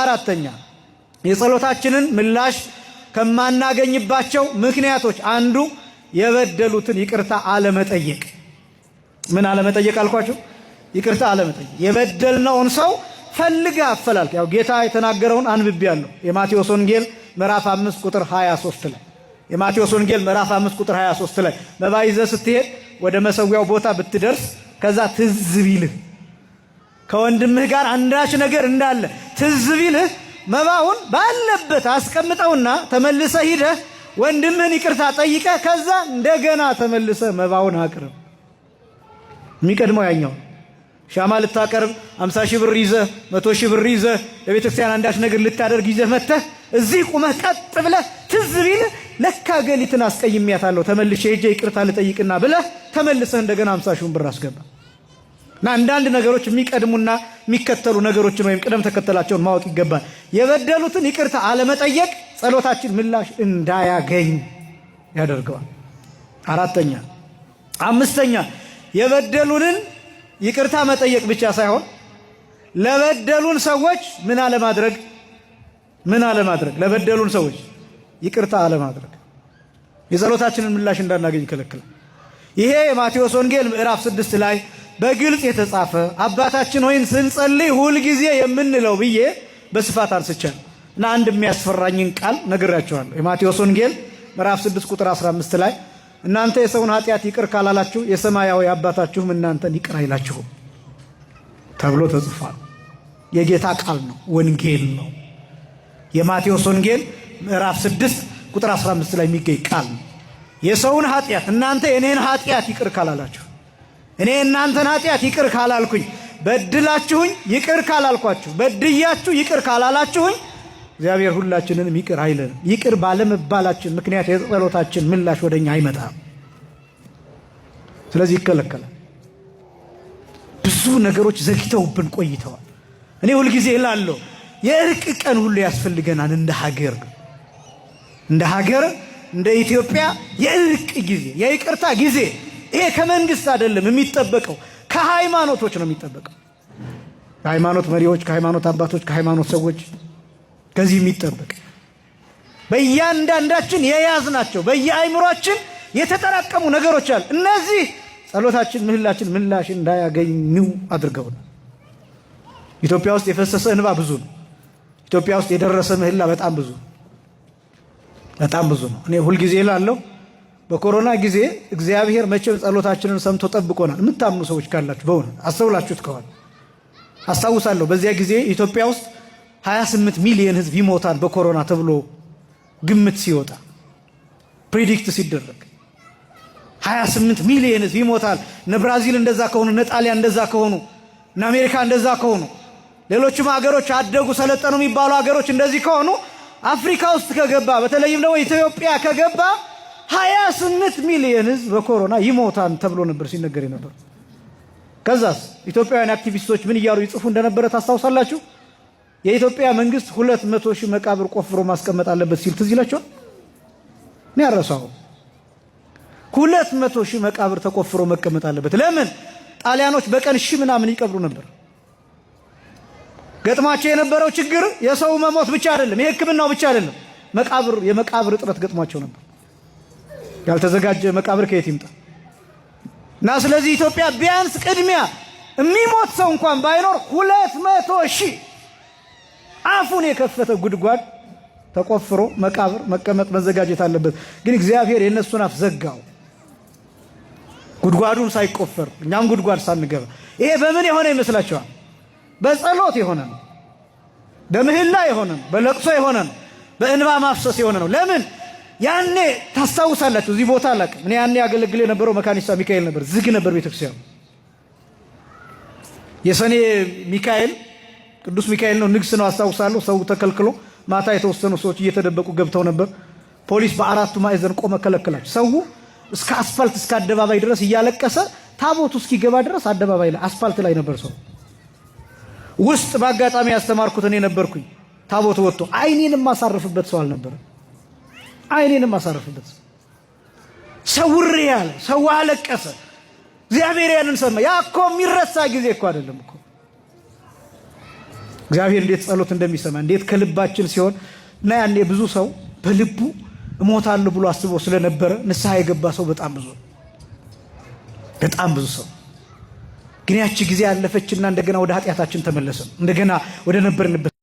አራተኛ የጸሎታችንን ምላሽ ከማናገኝባቸው ምክንያቶች አንዱ የበደሉትን ይቅርታ አለመጠየቅ። ምን አለመጠየቅ አልኳቸው? ይቅርታ አለመጠየቅ። የበደልነውን ሰው ፈልገ አፈላልክ። ያው ጌታ የተናገረውን አንብቤያለሁ። የማቴዎስ ወንጌል ምዕራፍ 5 ቁጥር 23 ላይ የማቴዎስ ወንጌል ምዕራፍ 5 ቁጥር 23 ላይ መባ ይዘህ ስትሄድ ወደ መሰዊያው ቦታ ብትደርስ ከዛ ትዝ ቢልህ ከወንድምህ ጋር አንዳች ነገር እንዳለ ትዝ ቢልህ መባውን ባለበት አስቀምጠውና ተመልሰህ ሂደህ ወንድምህን ይቅርታ ጠይቀ፣ ከዛ እንደገና ተመልሰህ መባውን አቅርብ። የሚቀድመው ያኛው ሻማ ልታቀርብ አምሳ ሺህ ብር ይዘህ መቶ ሺህ ብር ይዘህ ለቤተ ክርስቲያን አንዳች ነገር ልታደርግ ይዘህ መጥተህ እዚህ ቁመህ ቀጥ ብለህ ትዝ ቢልህ ለካ ገሊትን አስቀይሜያታለሁ ተመልሼ ሄጄ ይቅርታ ልጠይቅና ብለህ ተመልሰህ እንደገና አምሳ ሺውን ብር አስገባ። እና አንዳንድ ነገሮች የሚቀድሙና የሚከተሉ ነገሮችን ወይም ቅደም ተከተላቸውን ማወቅ ይገባል። የበደሉትን ይቅርታ አለመጠየቅ ጸሎታችን ምላሽ እንዳያገኝ ያደርገዋል። አራተኛ አምስተኛ የበደሉንን ይቅርታ መጠየቅ ብቻ ሳይሆን ለበደሉን ሰዎች ምን አለማድረግ ምን አለማድረግ ለበደሉን ሰዎች ይቅርታ አለማድረግ የጸሎታችንን ምላሽ እንዳናገኝ ይከለክላል። ይሄ የማቴዎስ ወንጌል ምዕራፍ ስድስት ላይ በግልጽ የተጻፈ አባታችን ሆይን ስንጸልይ ሁልጊዜ የምንለው ብዬ በስፋት አንስቻል እና አንድ የሚያስፈራኝን ቃል ነግራችኋለሁ። የማቴዎስ ወንጌል ምዕራፍ 6 ቁጥር 15 ላይ እናንተ የሰውን ኃጢአት ይቅር ካላላችሁ የሰማያዊ አባታችሁም እናንተን ይቅር አይላችሁም ተብሎ ተጽፏል። የጌታ ቃል ነው፣ ወንጌል ነው። የማቴዎስ ወንጌል ምዕራፍ 6 ቁጥር 15 ላይ የሚገኝ ቃል ነው። የሰውን ኃጢአት እናንተ የኔን ኃጢአት ይቅር ካላላችሁ እኔ እናንተን ኃጢአት ይቅር ካላልኩኝ፣ በድላችሁኝ ይቅር ካላልኳችሁ፣ በድያችሁ ይቅር ካላላችሁኝ እግዚአብሔር ሁላችንንም ይቅር አይለንም። ይቅር ባለመባላችን ምክንያት የጸሎታችን ምላሽ ወደ እኛ አይመጣም። ስለዚህ ይከለከላል። ብዙ ነገሮች ዘግተውብን ቆይተዋል። እኔ ሁልጊዜ እላለሁ የእርቅ ቀን ሁሉ ያስፈልገናል። እንደ ሀገር እንደ ሀገር እንደ ኢትዮጵያ የእርቅ ጊዜ የይቅርታ ጊዜ ይሄ ከመንግስት አይደለም የሚጠበቀው፣ ከሃይማኖቶች ነው የሚጠበቀው። ከሃይማኖት መሪዎች፣ ከሃይማኖት አባቶች፣ ከሃይማኖት ሰዎች ከዚህ የሚጠበቅ በእያንዳንዳችን ናቸው በየአይምሯችን የተጠራቀሙ ነገሮች አሉ። እነዚህ ጸሎታችን፣ ምህላችን ምላሽ እንዳያገኙ አድርገውን። ኢትዮጵያ ውስጥ የፈሰሰ እንባ ብዙ ነው። ኢትዮጵያ ውስጥ የደረሰ ምህላ በጣም ብዙ በጣም ብዙ ነው። እኔ ሁልጊዜ ላለው በኮሮና ጊዜ እግዚአብሔር መቼም ጸሎታችንን ሰምቶ ጠብቆናል። የምታምኑ ሰዎች ካላችሁ በእውነ አስተውላችሁት ከሆነ አስታውሳለሁ። በዚያ ጊዜ ኢትዮጵያ ውስጥ 28 ሚሊዮን ሕዝብ ይሞታል በኮሮና ተብሎ ግምት ሲወጣ ፕሪዲክት ሲደረግ 28 ሚሊዮን ሕዝብ ይሞታል። እነ ብራዚል እንደዛ ከሆኑ፣ እነ ጣሊያን እንደዛ ከሆኑ፣ እነ አሜሪካ እንደዛ ከሆኑ፣ ሌሎችም ሀገሮች አደጉ ሰለጠኑ የሚባሉ ሀገሮች እንደዚህ ከሆኑ አፍሪካ ውስጥ ከገባ በተለይም ደግሞ ኢትዮጵያ ከገባ ሀያ ስምንት ሚሊየን ህዝብ በኮሮና ይሞታን ተብሎ ነበር ሲነገር የነበር። ከዛስ ኢትዮጵያውያን አክቲቪስቶች ምን እያሉ ይጽፉ እንደነበረ ታስታውሳላችሁ። የኢትዮጵያ መንግስት ሁለት መቶ ሺህ መቃብር ቆፍሮ ማስቀመጥ አለበት ሲል ትዝ ይላቸዋል። እኔ አረሳው ሁለት መቶ ሺህ መቃብር ተቆፍሮ መቀመጥ አለበት። ለምን ጣሊያኖች በቀን ሺህ ምናምን ይቀብሩ ነበር። ገጥሟቸው የነበረው ችግር የሰው መሞት ብቻ አይደለም፣ የህክምናው ብቻ አይደለም፣ መቃብር የመቃብር እጥረት ገጥሟቸው ነበር። ያልተዘጋጀ መቃብር ከየት ይምጣ? እና ስለዚህ ኢትዮጵያ ቢያንስ ቅድሚያ የሚሞት ሰው እንኳን ባይኖር ሁለት መቶ ሺህ አፉን የከፈተ ጉድጓድ ተቆፍሮ መቃብር መቀመጥ መዘጋጀት አለበት። ግን እግዚአብሔር የእነሱን አፍ ዘጋው፣ ጉድጓዱም ሳይቆፈር እኛም ጉድጓድ ሳንገባ። ይሄ በምን የሆነ ይመስላችኋል? በጸሎት የሆነ ነው። በምህላ የሆነ ነው። በለቅሶ የሆነ ነው። በእንባ ማፍሰስ የሆነ ነው። ለምን ያኔ ታስታውሳላችሁ። እዚህ ቦታ አላውቅም እኔ ያኔ ያገለግል የነበረው መካኒስታ ሚካኤል ነበር። ዝግ ነበር ቤተክርስቲያኑ። የሰኔ ሚካኤል ቅዱስ ሚካኤል ነው፣ ንግስ ነው አስታውሳለሁ። ሰው ተከልክሎ ማታ የተወሰኑ ሰዎች እየተደበቁ ገብተው ነበር። ፖሊስ በአራቱ ማዕዘን ቆመ፣ ከለከላቸው። ሰው እስከ አስፋልት እስከ አደባባይ ድረስ እያለቀሰ ታቦቱ እስኪገባ ድረስ አደባባይ ላይ አስፋልት ላይ ነበር ሰው። ውስጥ በአጋጣሚ ያስተማርኩት እኔ ነበርኩኝ። ታቦት ወጥቶ አይኔን የማሳርፍበት ሰው አልነበረም። አይኔንም አሳረፍበት። ሰውሬ ያለ ሰው አለቀሰ። እግዚአብሔር ያንን ሰማ። ያ እኮ የሚረሳ ጊዜ እኮ አይደለም እኮ እግዚአብሔር እንዴት ጸሎት እንደሚሰማ እንዴት ከልባችን ሲሆን እና ያኔ ብዙ ሰው በልቡ እሞታለሁ ብሎ አስቦ ስለነበረ ንስሐ የገባ ሰው በጣም ብዙ በጣም ብዙ ሰው ግን ያቺ ጊዜ ያለፈችና እንደገና ወደ ኃጢአታችን ተመለሰ። እንደገና ወደ ነበርንበት